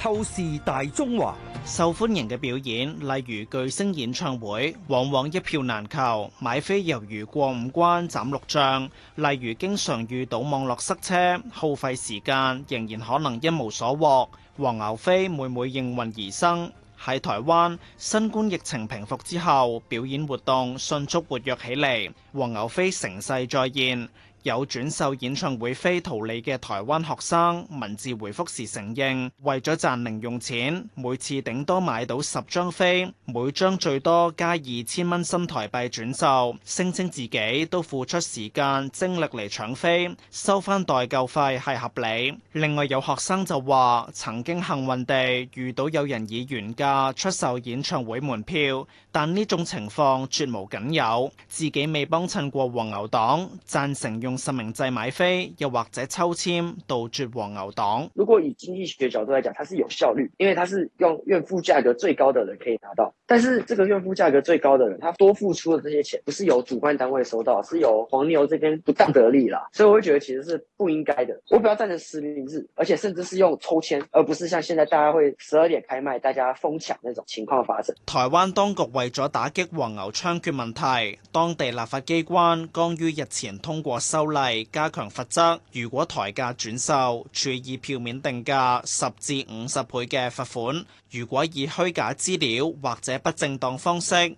透視大中華，受歡迎嘅表演，例如巨星演唱會，往往一票難求，買飛猶如過五關斬六將。例如經常遇到網絡塞車，耗費時間，仍然可能一無所獲，黃牛飛每每應運而生。喺台灣，新冠疫情平復之後，表演活動迅速活躍起嚟，黃牛飛成勢再現。有轉售演唱會飛圖利嘅台灣學生，文字回覆時承認為咗賺零用錢，每次頂多買到十張飛，每張最多加二千蚊新台幣轉售，聲稱自己都付出時間精力嚟搶飛，收翻代購費係合理。另外有學生就話曾經幸運地遇到有人以原價出售演唱會門票，但呢種情況絕無僅有，自己未幫襯過黃牛黨，贊成用用實名制買飛，又或者抽籤杜絕黃牛黨。如果以經濟學角度來講，它是有效率，因為它是用願付價格最高的人可以拿到。但是這個願付價格最高的人，他多付出的這些錢，不是由主辦單位收到，是由黃牛這邊不當得利啦。所以我會覺得其實是不應該的。我比較贊成實名制，而且甚至是用抽籤，而不是像現在大家會十二點開賣，大家瘋搶那種情況發生。台灣當局為咗打擊黃牛猖獗問題，當地立法機關剛於日前通過修例，加強罰則，如果抬價轉售，處以票面定價十至五十倍嘅罰款；如果以虛假資料或者不正當方式，例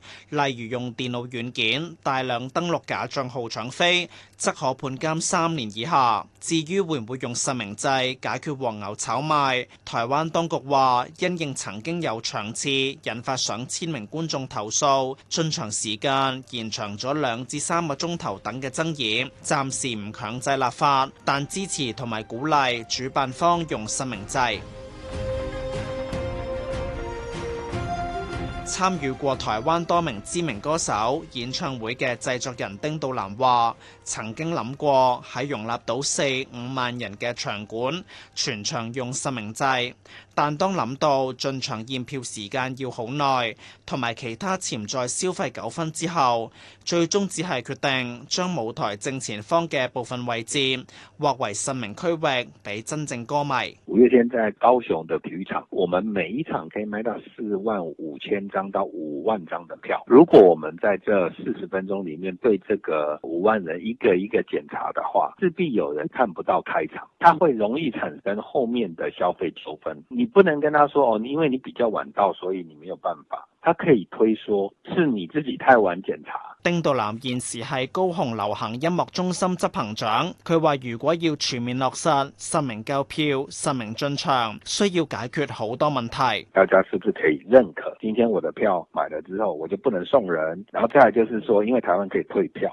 如用電腦軟件大量登錄假賬號搶飛，則可判監三年以下。至於會唔會用實名制解決黃牛炒賣？台灣當局話，因應曾經有場次引發上千名觀眾投訴，進場時間延長咗兩至三個鐘頭等嘅爭議，暫時唔強制立法，但支持同埋鼓勵主辦方用實名制。參與過台灣多名知名歌手演唱會嘅製作人丁道南話。曾經諗過喺容納到四五萬人嘅場館，全場用實名制。但當諗到進場驗票時間要好耐，同埋其他潛在消費糾紛之後，最終只係決定將舞台正前方嘅部分位置劃為實名區域，俾真正歌迷。五月天在高雄嘅體育場，我們每一場可以賣到四萬五千張到五萬張嘅票。如果我們在這四十分鐘裏面對這個五萬人一個一個檢查的話，勢必有人看不到開場，他會容易產生後面的消費糾紛。你不能跟他說哦，因為你比較晚到，所以你沒有辦法。他可以推說是你自己太晚檢查。丁度南現時係高雄流行音樂中心執行長，佢話如果要全面落實實名購票、實名進場，需要解決好多問題。大家是不是可以認可？今天我的票買了之後，我就不能送人。然後再來就是說，因為台灣可以退票。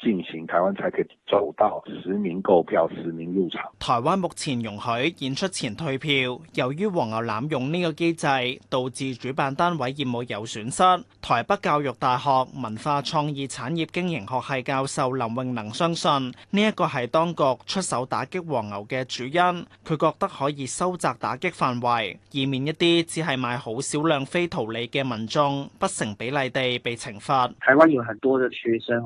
進行台灣才可以走到實名購票、實名入場。台灣目前容許演出前退票，由於黃牛濫用呢個機制，導致主辦單位業務有損失。台北教育大學文化創意產業經營學系教授林詠能相信，呢一個係當局出手打擊黃牛嘅主因。佢覺得可以收窄打擊範圍，以免一啲只係買好少量非圖利嘅民眾不成比例地被懲罰。台灣有很多嘅學生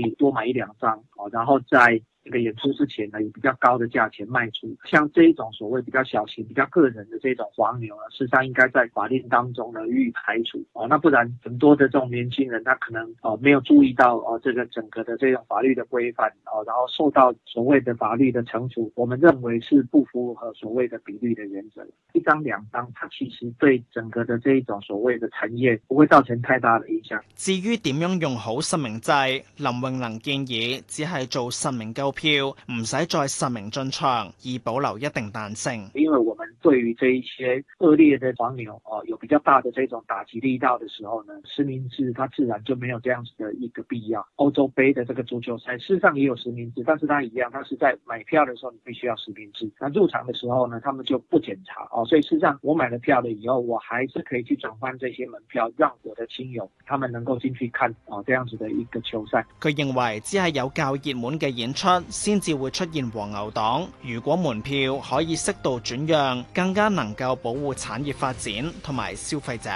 你多買一兩張，哦，然後再。這個演出之前呢，以比較高的價錢賣出，像這一種所謂比較小型、比較個人的這種黃牛啊，實際上應該在法令當中呢予以排除哦，那不然很多的這種年輕人，他可能哦沒有注意到哦這個整個的這種法律的規範哦，然後受到所謂的法律的懲處，我們認為是不符合所謂的比例的原則，一張兩張，它其實對整個的這一種所謂的產業不會造成太大的影響。至於點樣用好實名制，林永能建議只係做實名購。票唔使再實名進場，以保留一定彈性。因為我們對於這一些惡劣的黃牛哦，有比較大的這種打擊力道的時候呢，實名制它自然就沒有這樣子的一個必要。歐洲盃的這個足球賽，事實上也有實名制，但是它一樣，它是在買票的時候你必須要實名制。那入場的時候呢，他們就不檢查哦。所以事實上，我買了票了以後，我還是可以去轉換這些門票，讓我的親友他們能夠進去看哦，這樣子的一個球賽。佢認為只係有較熱門嘅演出。先至會出現黃牛黨，如果門票可以適度轉讓，更加能夠保護產業發展同埋消費者。